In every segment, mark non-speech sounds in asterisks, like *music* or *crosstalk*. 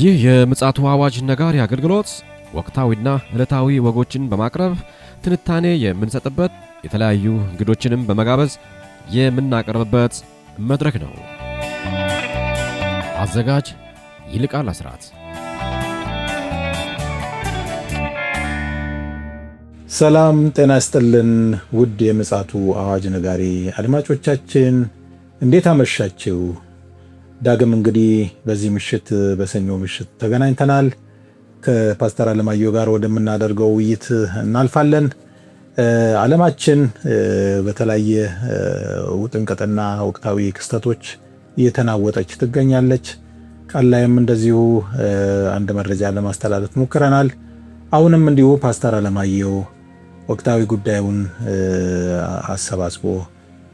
ይህ የምፅዓቱ አዋጅ ነጋሪ አገልግሎት ወቅታዊና ዕለታዊ ወጎችን በማቅረብ ትንታኔ የምንሰጥበት የተለያዩ እንግዶችንም በመጋበዝ የምናቀርብበት መድረክ ነው። አዘጋጅ ይልቃል አስራት። ሰላም ጤና ይስጥልን። ውድ የምፅዓቱ አዋጅ ነጋሪ አድማጮቻችን እንዴት አመሻችው? ዳግም እንግዲህ በዚህ ምሽት በሰኞ ምሽት ተገናኝተናል። ከፓስተር አለማየሁ ጋር ወደምናደርገው ውይይት እናልፋለን። አለማችን በተለያየ ውጥንቅጥና ወቅታዊ ክስተቶች እየተናወጠች ትገኛለች። ቃል ላይም እንደዚሁ አንድ መረጃ ለማስተላለፍ ሞክረናል። አሁንም እንዲሁ ፓስተር አለማየሁ ወቅታዊ ጉዳዩን አሰባስቦ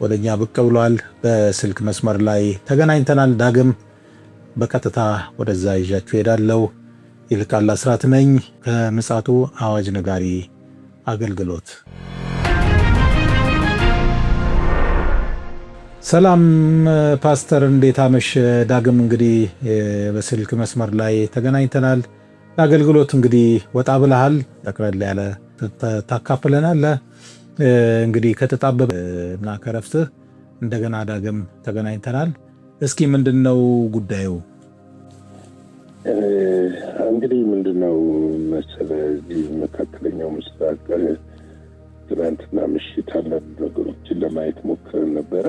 ወደ እኛ ብቅ ብሏል። በስልክ መስመር ላይ ተገናኝተናል። ዳግም በቀጥታ ወደዛ ይዣችሁ ሄዳለው። ይልቃል አስራት ነኝ ከምፅዓቱ አዋጅ ነጋሪ አገልግሎት። ሰላም ፓስተር፣ እንዴት አመሽ? ዳግም እንግዲህ በስልክ መስመር ላይ ተገናኝተናል። ለአገልግሎት እንግዲህ ወጣ ብለሃል፣ ጠቅለል ያለ ታካፍለናል። እንግዲህ ከተጣበበ እና ከረፍትህ እንደገና ዳግም ተገናኝተናል። እስኪ ምንድን ነው ጉዳዩ? እንግዲህ ምንድን ነው መሰለ እዚህ መካከለኛው ምስራቅ ትናንትና ምሽት አንዳንድ ነገሮችን ለማየት ሞክረን ነበረ።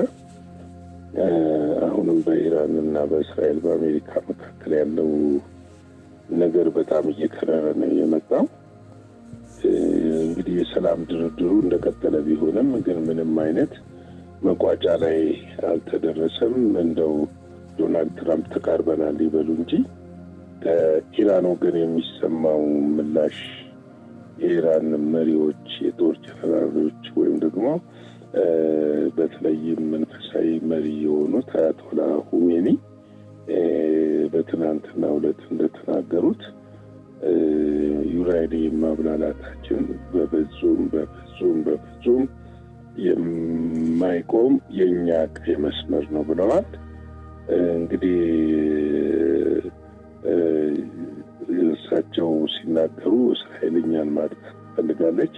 አሁንም በኢራን እና በእስራኤል በአሜሪካ መካከል ያለው ነገር በጣም እየከረረ ነው የመጣው እንግዲህ የሰላም ድርድሩ እንደቀጠለ ቢሆንም ግን ምንም አይነት መቋጫ ላይ አልተደረሰም። እንደው ዶናልድ ትራምፕ ተቃርበናል ይበሉ እንጂ ከኢራን ወገን የሚሰማው ምላሽ የኢራን መሪዎች የጦር ጀነራሎች ወይም ደግሞ በተለይም መንፈሳዊ መሪ የሆኑት አያቶላ ሁሜኒ በትናንትና ሁለት እንግዲህ መብላላታችን በፍጹም በፍጹም በፍጹም የማይቆም የእኛ ቀይ መስመር ነው ብለዋል። እንግዲህ እሳቸው ሲናገሩ እስራኤልኛን ማጥቃት ትፈልጋለች።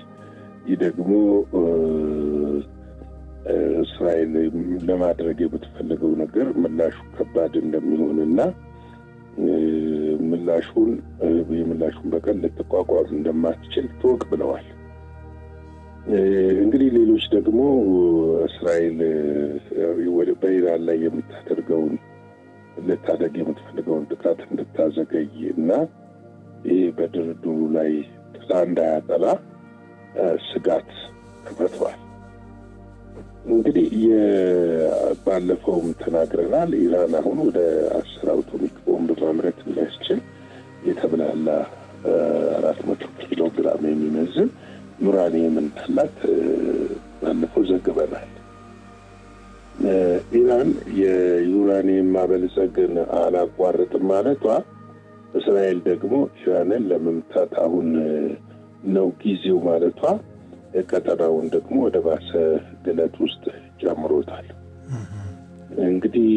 ይህ ደግሞ እስራኤል ለማድረግ የምትፈልገው ነገር ምላሹ ከባድ እንደሚሆንና ምላሹን የምላሹን በቀል ልትቋቋም እንደማትችል ትወቅ ብለዋል። እንግዲህ ሌሎች ደግሞ እስራኤል በኢራን ላይ የምታደርገውን ልታደግ የምትፈልገውን ጥቃት እንድታዘገይ እና ይህ በድርድሩ ላይ ጥላ እንዳያጠላ ስጋት ተፈጥሯል። እንግዲህ ባለፈውም ተናግረናል። ኢራን አሁን ወደ አስር አውቶሚክ ቦምብ ማምረት የሚያስችል የተብላላ አራት መቶ ኪሎ ግራም የሚመዝን ዩራኒየም እንዳላት ባለፈው ዘግበናል። ኢራን የዩራኒየም ማበልጸግን አላቋርጥም ማለቷ እስራኤል ደግሞ ኢራንን ለመምታት አሁን ነው ጊዜው ማለቷ ቀጠናውን ደግሞ ወደ ባሰ ግለት ውስጥ ጨምሮታል። እንግዲህ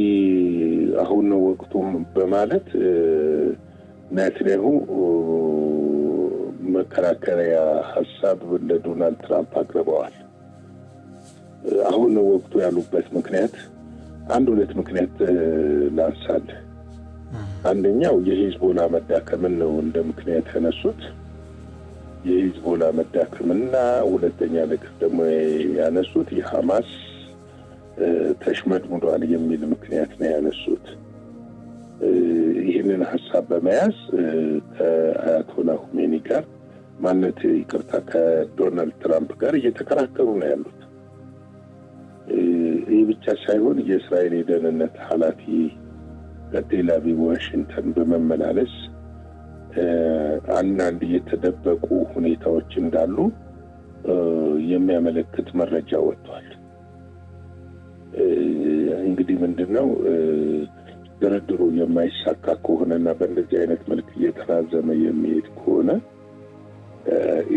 አሁን ነው ወቅቱም በማለት ምክንያቱ መከራከሪያ ሀሳብ ለዶናልድ ትራምፕ አቅርበዋል። አሁን ወቅቱ ያሉበት ምክንያት አንድ ሁለት ምክንያት ላንሳል። አንደኛው የሂዝቦላ መዳከምን ነው እንደ ምክንያት ያነሱት። የሂዝቦላ መዳከምና ሁለተኛ ነገር ደግሞ ያነሱት የሐማስ ተሽመድምዷል የሚል ምክንያት ነው ያነሱት። ይህንን ሀሳብ በመያዝ ከአያቶላ ሁሜኒ ጋር ማነት ይቅርታ፣ ከዶናልድ ትራምፕ ጋር እየተከራከሩ ነው ያሉት። ይህ ብቻ ሳይሆን የእስራኤል የደህንነት ኃላፊ ከቴላቪቭ ዋሽንግተን በመመላለስ አንዳንድ የተደበቁ ሁኔታዎች እንዳሉ የሚያመለክት መረጃ ወጥቷል። እንግዲህ ምንድን ነው ድርድሩ የማይሳካ ከሆነና በእንደዚህ አይነት መልክ እየተራዘመ የሚሄድ ከሆነ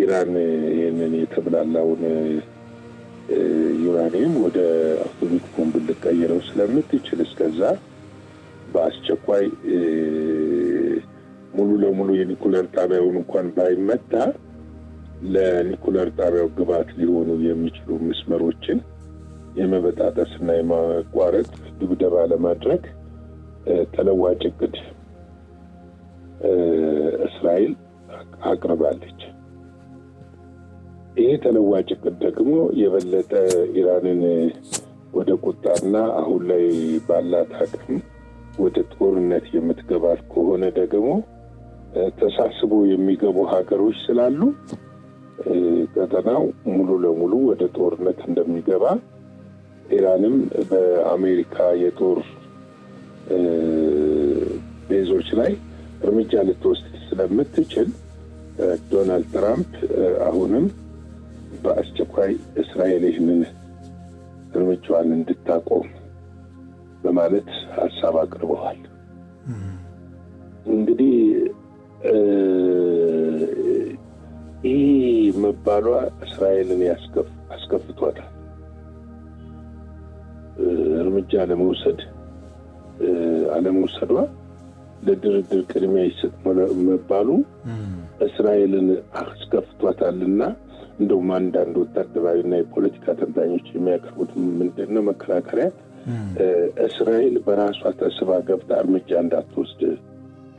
ኢራን ይህንን የተብላላውን ዩራኒየም ወደ አቶሚክ ቦምብ ልቀይረው ስለምትችል እስከዛ በአስቸኳይ ሙሉ ለሙሉ የኒኩለር ጣቢያውን እንኳን ባይመታ ለኒኩለር ጣቢያው ግብዓት ሊሆኑ የሚችሉ መስመሮችን የመበጣጠስና የማቋረጥ ድብደባ ለማድረግ ተለዋጭ እቅድ እስራኤል አቅርባለች። ይሄ ተለዋጭ እቅድ ደግሞ የበለጠ ኢራንን ወደ ቁጣና አሁን ላይ ባላት አቅም ወደ ጦርነት የምትገባት ከሆነ ደግሞ ተሳስቦ የሚገቡ ሀገሮች ስላሉ ቀጠናው ሙሉ ለሙሉ ወደ ጦርነት እንደሚገባ ኢራንም በአሜሪካ የጦር ቤዞች ላይ እርምጃ ልትወስድ ስለምትችል ዶናልድ ትራምፕ አሁንም በአስቸኳይ እስራኤል ይህንን እርምጃዋን እንድታቆም በማለት ሀሳብ አቅርበዋል። እንግዲህ ይህ መባሏ እስራኤልን አስከፍቷታል እርምጃ ለመውሰድ አለመውሰዷ ለድርድር ቅድሚያ ይሰጥ መባሉ እስራኤልን አስከፍቷታልና እንደውም አንዳንድ ወታደራዊና የፖለቲካ ተንታኞች የሚያቀርቡት ምንድን ነው መከራከሪያ እስራኤል በራሷ ተስባ ገብታ እርምጃ እንዳትወስድ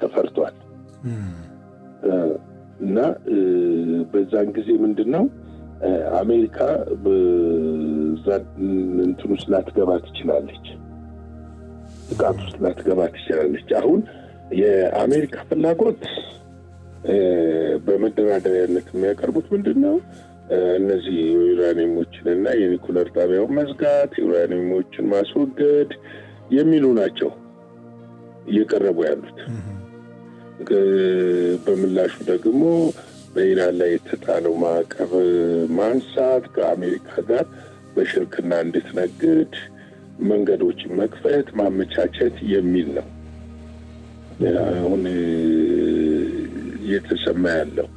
ተፈርቷል እና በዛን ጊዜ ምንድን ነው አሜሪካ በዛ እንትን ውስጥ ላትገባ ትችላለች። ጥቃት ውስጥ ላትገባ ትችላለች። አሁን የአሜሪካ ፍላጎት በመደራደሪያነት የሚያቀርቡት ምንድን ነው? እነዚህ ዩራኒየሞችን እና የኒኩለር ጣቢያውን መዝጋት፣ ዩራኒየሞችን ማስወገድ የሚሉ ናቸው እየቀረቡ ያሉት። በምላሹ ደግሞ በኢራን ላይ የተጣለው ማዕቀብ ማንሳት፣ ከአሜሪካ ጋር በሽርክና እንድትነግድ መንገዶች መክፈት ማመቻቸት የሚል ነው አሁን እየተሰማ ያለው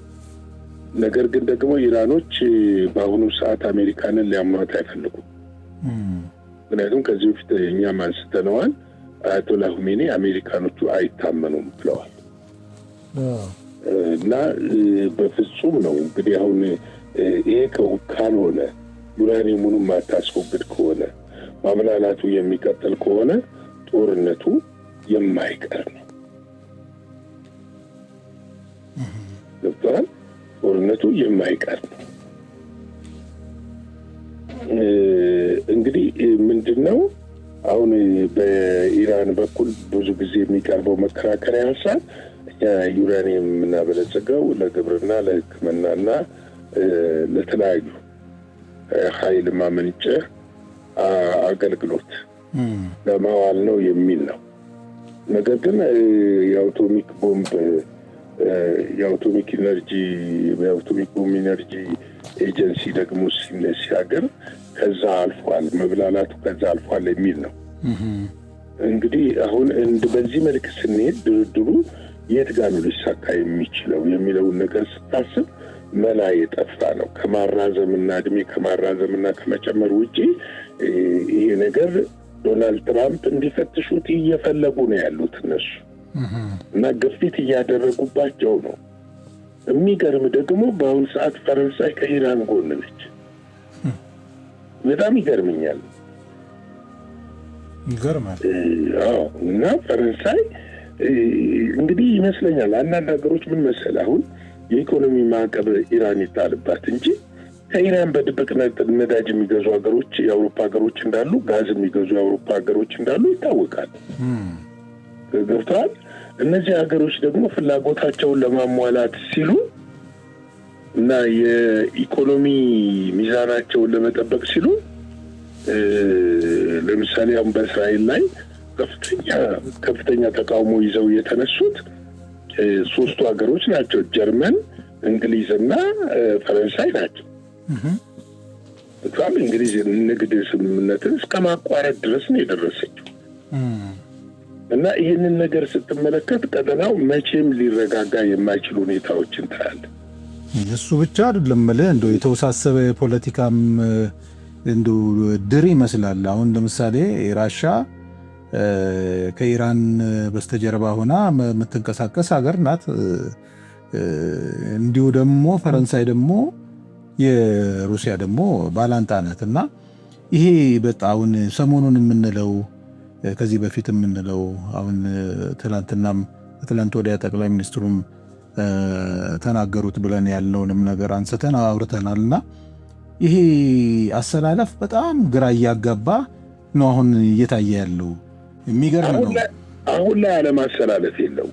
ነገር ግን ደግሞ ኢራኖች በአሁኑ ሰዓት አሜሪካንን ሊያሟት አይፈልጉም። ምክንያቱም ከዚህ በፊት እኛም አንስተነዋል። አያቶላ ሁሜኒ አሜሪካኖቹ አይታመኑም ብለዋል እና በፍጹም ነው እንግዲህ አሁን ይሄ ካልሆነ ዩራኒየሙንም አታስወግድ ከሆነ ማብላላቱ የሚቀጥል ከሆነ ጦርነቱ የማይቀር ነው። ገብቷል። ጦርነቱ የማይቀር ነው። እንግዲህ ምንድን ነው አሁን በኢራን በኩል ብዙ ጊዜ የሚቀርበው መከራከሪያ ሀሳብ እኛ ዩራኒየም የምናበለጸገው ለግብርና፣ ለሕክምናና ለተለያዩ ኃይል ማመንጨ አገልግሎት ለማዋል ነው የሚል ነው። ነገር ግን የአውቶሚክ ቦምብ የአውቶሚክ ኢነርጂ የአውቶሚክ ቦምብ ኢነርጂ ኤጀንሲ ደግሞ ሲነሲ ከዛ አልፏል፣ መብላላቱ ከዛ አልፏል የሚል ነው። እንግዲህ አሁን በዚህ መልክ ስንሄድ ድርድሩ የት ጋር ነው ሊሳካ የሚችለው የሚለውን ነገር ስታስብ መላ የጠፋ ነው። ከማራዘምና እድሜ ከማራዘምና ከመጨመር ውጪ ይሄ ነገር ዶናልድ ትራምፕ እንዲፈትሹት እየፈለጉ ነው ያሉት እነሱ እና ግፊት እያደረጉባቸው ነው። የሚገርም ደግሞ በአሁኑ ሰዓት ፈረንሳይ ከኢራን ጎን ነች። በጣም ይገርምኛል። እና ፈረንሳይ እንግዲህ ይመስለኛል አንዳንድ ሀገሮች ምን መሰል አሁን የኢኮኖሚ ማዕቀብ ኢራን ይጣልባት እንጂ ከኢራን በድብቅ ነዳጅ የሚገዙ ሀገሮች የአውሮፓ ሀገሮች እንዳሉ፣ ጋዝ የሚገዙ የአውሮፓ ሀገሮች እንዳሉ ይታወቃል። ገብተዋል። እነዚህ ሀገሮች ደግሞ ፍላጎታቸውን ለማሟላት ሲሉ እና የኢኮኖሚ ሚዛናቸውን ለመጠበቅ ሲሉ ለምሳሌ አሁን በእስራኤል ላይ ከፍተኛ ከፍተኛ ተቃውሞ ይዘው የተነሱት ሶስቱ ሀገሮች ናቸው። ጀርመን፣ እንግሊዝ እና ፈረንሳይ ናቸው። በጣም እንግዲህ ንግድ ስምምነትን እስከ ማቋረጥ ድረስ ነው የደረሰችው። እና ይህንን ነገር ስትመለከት ቀጠናው መቼም ሊረጋጋ የማይችል ሁኔታዎችን ታያለ። እሱ ብቻ አይደለም መለ እንደ የተወሳሰበ የፖለቲካም እንዱ ድር ይመስላል። አሁን ለምሳሌ ራሻ ከኢራን በስተጀርባ ሆና የምትንቀሳቀስ ሀገር ናት። እንዲሁ ደግሞ ፈረንሳይ ደግሞ የሩሲያ ደግሞ ባላንጣ ናት እና ይሄ አሁን ሰሞኑን የምንለው ከዚህ በፊት የምንለው አሁን ትላንትናም ትላንት ወዲያ ጠቅላይ ሚኒስትሩም ተናገሩት ብለን ያለውንም ነገር አንስተን አውርተናል እና ይሄ አሰላለፍ በጣም ግራ እያጋባ ነው አሁን እየታየ ያለው። የሚገርም ነው። አሁን ላይ አለም አሰላለፍ የለው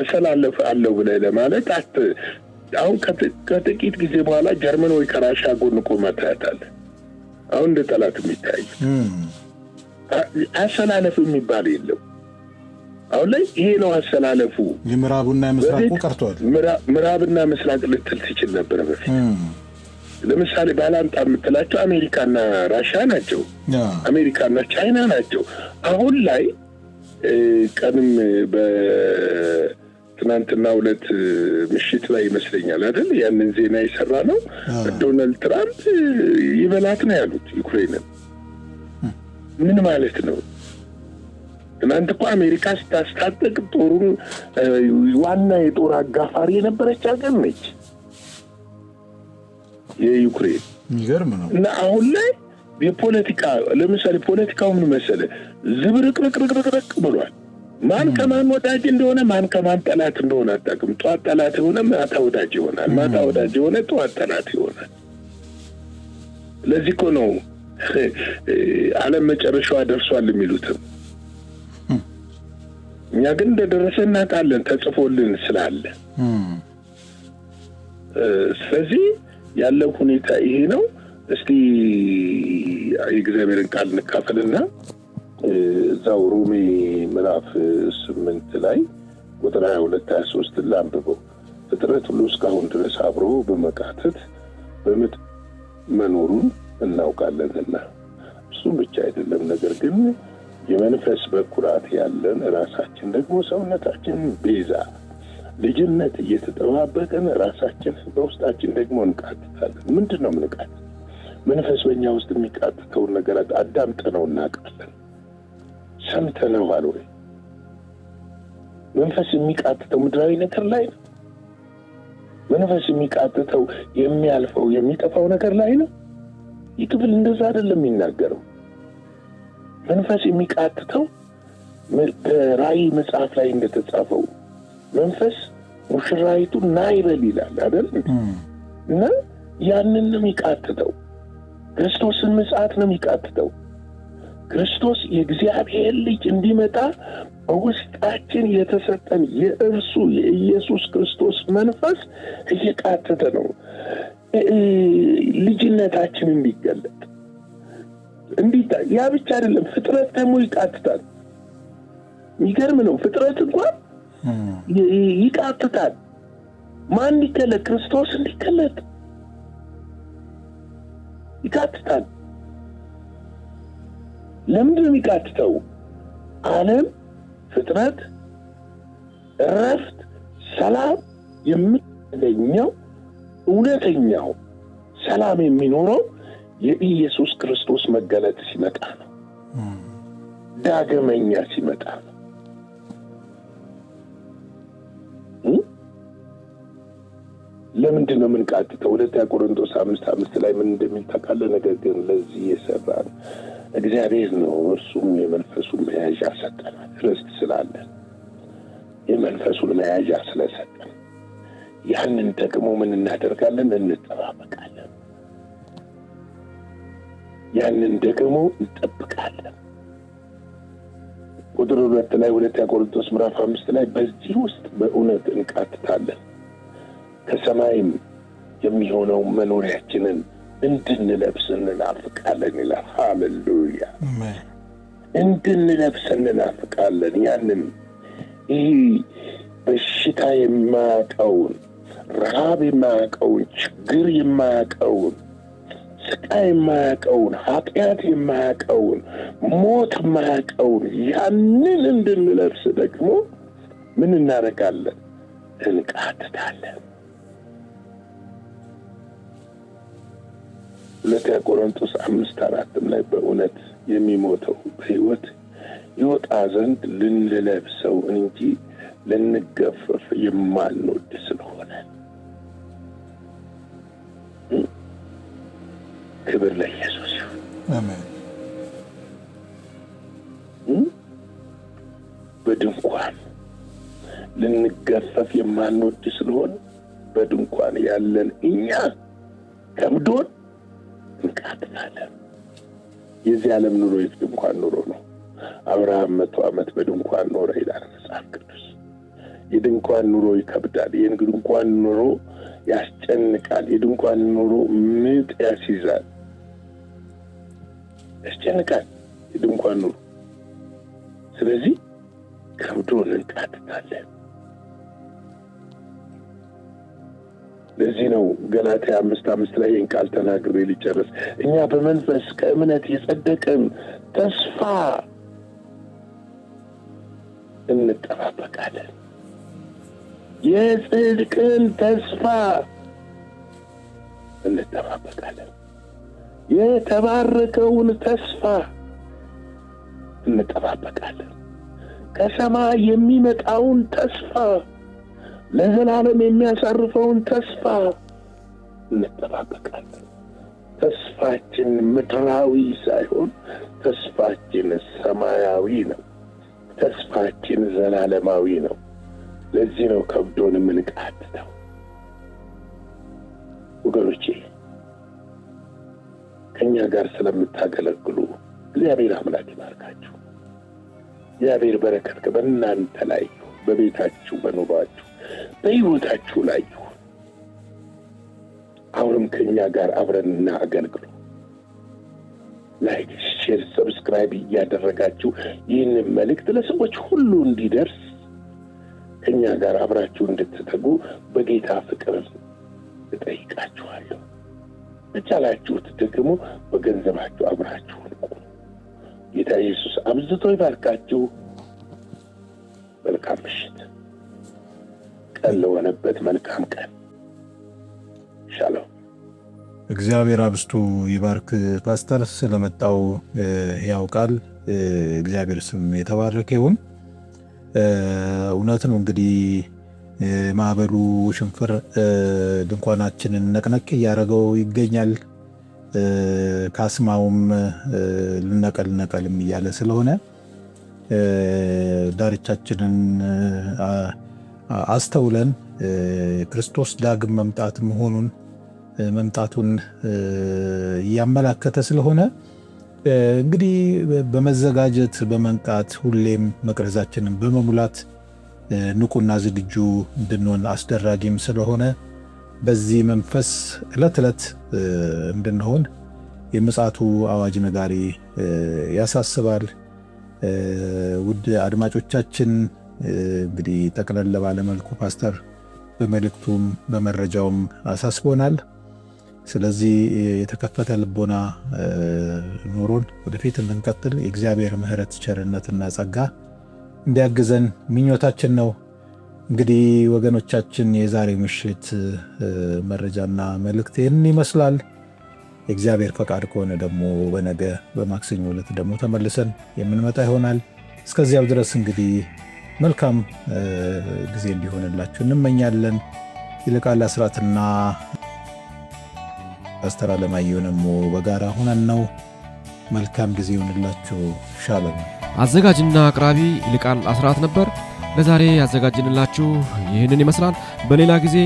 አሰላለፍ አለው ብለህ ለማለት አሁን ከጥቂት ጊዜ በኋላ ጀርመን ወይ ከራሻ ጎን ቆመ መታያታል አሁን እንደ ጠላት የሚታይ አሰላለፍ የሚባል የለም። አሁን ላይ ይሄ ነው አሰላለፉ። የምዕራቡና የምስራቁ ቀርቷል። ምዕራብና ምስራቅ ልትል ትችል ነበር በፊት። ለምሳሌ ባላንጣ የምትላቸው አሜሪካና ራሻ ናቸው፣ አሜሪካና ቻይና ናቸው። አሁን ላይ ቀንም ትናንትና ሁለት ምሽት ላይ ይመስለኛል አይደል? ያንን ዜና የሰራ ነው። ዶናልድ ትራምፕ ይበላት ነው ያሉት ዩክሬንን። ምን ማለት ነው? ትናንት እኮ አሜሪካ ስታስታጠቅ ጦሩን ዋና የጦር አጋፋሪ የነበረች ሀገር ነች የዩክሬን። ይገርም ነው። እና አሁን ላይ የፖለቲካ ለምሳሌ ፖለቲካው ምን መሰለ፣ ዝብርቅርቅርቅርቅ ብሏል። ማን ከማን ወዳጅ እንደሆነ ማን ከማን ጠላት እንደሆነ አጠቅም ጠዋት ጠላት የሆነ ማታ ወዳጅ ይሆናል፣ ማታ ወዳጅ የሆነ ጠዋት ጠላት ይሆናል። ለዚህ ኮ ነው *laughs* አለም መጨረሻዋ ደርሷል የሚሉትም። እኛ ግን እንደደረሰ እናውቃለን፣ ተጽፎልን ስላለ። ስለዚህ ያለው ሁኔታ ይሄ ነው። እስቲ የእግዚአብሔርን ቃል እንካፈልና እዛው ሮሜ ምዕራፍ ስምንት ላይ ቁጥር ሀያ 23 ላንብበው። ፍጥረት ሁሉ እስካሁን ድረስ አብሮ በመቃተት በምጥ መኖሩን እናውቃለንና እሱም ብቻ አይደለም፣ ነገር ግን የመንፈስ በኩራት ያለን ራሳችን ደግሞ ሰውነታችን ቤዛ ልጅነት እየተጠባበቀን ራሳችን በውስጣችን ደግሞ እንቃትታለን። ምንድን ነው ምንቃት? መንፈስ በእኛ ውስጥ የሚቃትተውን ነገር አዳምጠነው እናውቃለን። ሰምተንማል ወይ? መንፈስ የሚቃጥተው ምድራዊ ነገር ላይ ነው። መንፈስ የሚቃጥተው የሚያልፈው የሚጠፋው ነገር ላይ ነው። ይህ ክፍል እንደዛ አይደለም የሚናገረው። መንፈስ የሚቃትተው በራይ መጽሐፍ ላይ እንደተጻፈው መንፈስ ሙሽራይቱ ና ይበል ይላል አደል እና ያንን ነው የሚቃትተው። ክርስቶስን ምጽአት ነው የሚቃትተው። ክርስቶስ የእግዚአብሔር ልጅ እንዲመጣ በውስጣችን የተሰጠን የእርሱ የኢየሱስ ክርስቶስ መንፈስ እየቃተተ ነው ልጅነታችን እንዲገለጥ እንዲታ ያ ብቻ አይደለም፣ ፍጥረት ደግሞ ይቃትታል። የሚገርም ነው። ፍጥረት እንኳን ይቃትታል። ማን እንዲገለጥ? ክርስቶስ እንዲገለጥ ይቃትታል። ለምንድን ነው የሚቃትተው? አለም ፍጥረት እረፍት፣ ሰላም የምታገኘው እውነተኛው ሰላም የሚኖረው የኢየሱስ ክርስቶስ መገለጥ ሲመጣ ነው። ዳግመኛ ሲመጣ ነው። ለምንድን ነው የምንቃትተው? ሁለተኛ ቆሮንቶስ አምስት አምስት ላይ ምን እንደሚል ነገር ግን ለዚህ የሰራን እግዚአብሔር ነው። እርሱም የመንፈሱን መያዣ ሰጠናል። ርስት ስላለን የመንፈሱን መያዣ ስለሰጠን ያንን ደግሞ ምን እናደርጋለን? እንጠባበቃለን። ያንን ደግሞ እንጠብቃለን። ቁጥር ሁለት ላይ ሁለት ቆሮንቶስ ምዕራፍ አምስት ላይ በዚህ ውስጥ በእውነት እንቃትታለን ከሰማይም የሚሆነው መኖሪያችንን እንድንለብስ እንናፍቃለን ይላል። ሃሌሉያ እንድንለብስ እንናፍቃለን። ያንን ይህ በሽታ የማያውቀውን ረሃብ የማያውቀውን ችግር የማያውቀውን ስቃይ የማያውቀውን ኃጢአት የማያውቀውን ሞት የማያውቀውን ያንን እንድንለብስ ደግሞ ምን እናደርጋለን? እንቃትታለን። ሁለተኛ ቆሮንቶስ አምስት አራትም ላይ በእውነት የሚሞተው በሕይወት ይወጣ ዘንድ ልንለብሰው እንጂ ልንገፈፍ የማንወድ ስለሆነ ክብር ለኢየሱስ ይሁን። በድንኳን ልንገፈፍ የማንወድ ስለሆነ በድንኳን ያለን እኛ ከብዶን ያድናለን። የዚህ ዓለም ኑሮ ድንኳን ኑሮ ነው። አብርሃም መቶ ዓመት በድንኳን ኖረ ይላል መጽሐፍ ቅዱስ። የድንኳን ኑሮ ይከብዳል። ድንኳን ኑሮ ያስጨንቃል። የድንኳን ኑሮ ምጥ ያስይዛል፣ ያስጨንቃል የድንኳን ኑሮ። ስለዚህ ከብዶን እንቃትታለን። ለዚህ ነው ገላትያ አምስት አምስት ላይ ይህን ቃል ተናግሬ ሊጨርስ እኛ በመንፈስ ከእምነት የጸደቅን ተስፋ እንጠባበቃለን። የጽድቅን ተስፋ እንጠባበቃለን። የተባረከውን ተስፋ እንጠባበቃለን። ከሰማይ የሚመጣውን ተስፋ ለዘላለም የሚያሳርፈውን ተስፋ እንጠባበቃለን። ተስፋችን ምድራዊ ሳይሆን ተስፋችን ሰማያዊ ነው። ተስፋችን ዘላለማዊ ነው። ለዚህ ነው ከብዶን ምንቃትተው ወገኖቼ ከእኛ ጋር ስለምታገለግሉ እግዚአብሔር አምላክ ይባርካችሁ። እግዚአብሔር በረከት በእናንተ ላይ በቤታችሁ፣ በኑሯችሁ በሕይወታችሁ ላይ ይሁን። አሁንም ከኛ ጋር አብረንና አገልግሉ። ላይክ፣ ሼር፣ ሰብስክራይብ እያደረጋችሁ ይህንን መልእክት ለሰዎች ሁሉ እንዲደርስ ከእኛ ጋር አብራችሁ እንድትተጉ በጌታ ፍቅር እጠይቃችኋለሁ። በቻላችሁት ደግሞ በገንዘባችሁ አብራችሁን ቁ ጌታ ኢየሱስ አብዝቶ ይባርካችሁ። መልካም ምሽት። ለሆነበት መልካም ቀን ሻለው። እግዚአብሔር አብስቱ ይባርክ ፓስተር፣ ስለመጣው ያው ቃል እግዚአብሔር ስም የተባረከ ይሁን። እውነት ነው እንግዲህ ማዕበሉ ሽንፍር ድንኳናችንን ነቅነቅ እያደረገው ይገኛል። ካስማውም ልነቀል ነቀልም እያለ ስለሆነ ዳርቻችንን አስተውለን ክርስቶስ ዳግም መምጣት መሆኑን መምጣቱን እያመላከተ ስለሆነ እንግዲህ በመዘጋጀት በመንቃት ሁሌም መቅረዛችንን በመሙላት ንቁና ዝግጁ እንድንሆን አስደራጊም ስለሆነ በዚህ መንፈስ ዕለት ዕለት እንድንሆን የምፅዓቱ አዋጅ ነጋሪ ያሳስባል። ውድ አድማጮቻችን እንግዲህ ጠቅለል ባለመልኩ ፓስተር በመልእክቱም በመረጃውም አሳስቦናል። ስለዚህ የተከፈተ ልቦና ኖሮን ወደፊት እንድንቀጥል የእግዚአብሔር ምሕረት ቸርነትና ጸጋ እንዲያግዘን ምኞታችን ነው። እንግዲህ ወገኖቻችን የዛሬ ምሽት መረጃና መልእክት ይህን ይመስላል። የእግዚአብሔር ፈቃድ ከሆነ ደግሞ በነገ በማክሰኞ ዕለት ደግሞ ተመልሰን የምንመጣ ይሆናል። እስከዚያው ድረስ እንግዲህ መልካም ጊዜ እንዲሆንላችሁ እንመኛለን። ይልቃል አስራትና ፓስተር አለማየሁ በጋራ ሆነን ነው። መልካም ጊዜ ይሆንላችሁ። ሻለም አዘጋጅና አቅራቢ ይልቃል አስራት ነበር። ለዛሬ ያዘጋጅንላችሁ ይህንን ይመስላል። በሌላ ጊዜ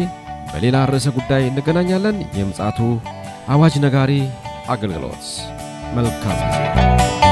በሌላ ርዕሰ ጉዳይ እንገናኛለን። የምፅዓቱ አዋጅ ነጋሪ አገልግሎት መልካም